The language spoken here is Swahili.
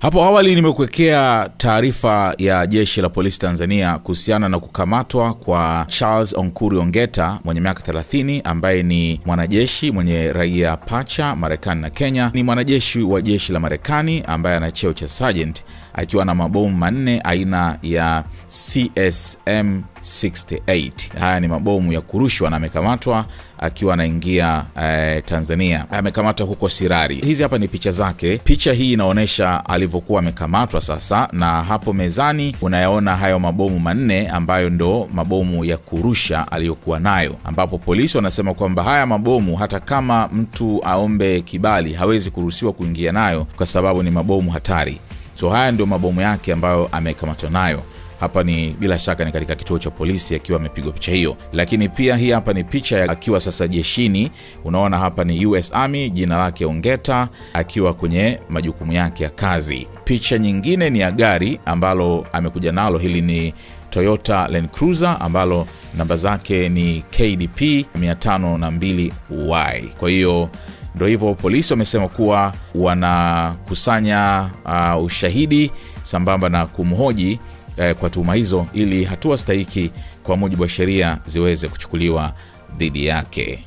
Hapo awali nimekuwekea taarifa ya jeshi la polisi Tanzania kuhusiana na kukamatwa kwa Charles Onkuri Ongeta mwenye miaka 30 ambaye ni mwanajeshi mwenye raia pacha Marekani na Kenya. Ni mwanajeshi wa jeshi la Marekani ambaye ana cheo cha sergeant akiwa na mabomu manne aina ya CSM 68. Haya ni mabomu ya kurushwa na amekamatwa akiwa anaingia eh, Tanzania. Amekamatwa huko Sirari. Hizi hapa ni picha zake. Picha hii inaonyesha alivyokuwa amekamatwa sasa, na hapo mezani unayaona hayo mabomu manne ambayo ndo mabomu ya kurusha aliyokuwa nayo, ambapo polisi wanasema kwamba haya mabomu hata kama mtu aombe kibali hawezi kuruhusiwa kuingia nayo kwa sababu ni mabomu hatari. So haya ndio mabomu yake ambayo amekamatwa nayo. Hapa ni bila shaka ni katika kituo cha polisi akiwa amepigwa picha hiyo, lakini pia hii hapa ni picha akiwa sasa jeshini. Unaona hapa ni US Army, jina lake Ongeta, akiwa kwenye majukumu yake ya kazi. Picha nyingine ni ya gari ambalo amekuja nalo, hili ni Toyota Land Cruiser ambalo namba zake ni KDP 502Y. Kwa hiyo ndo hivyo, polisi wamesema kuwa wanakusanya uh, ushahidi sambamba na kumhoji eh, kwa tuhuma hizo ili hatua stahiki kwa mujibu wa sheria ziweze kuchukuliwa dhidi yake.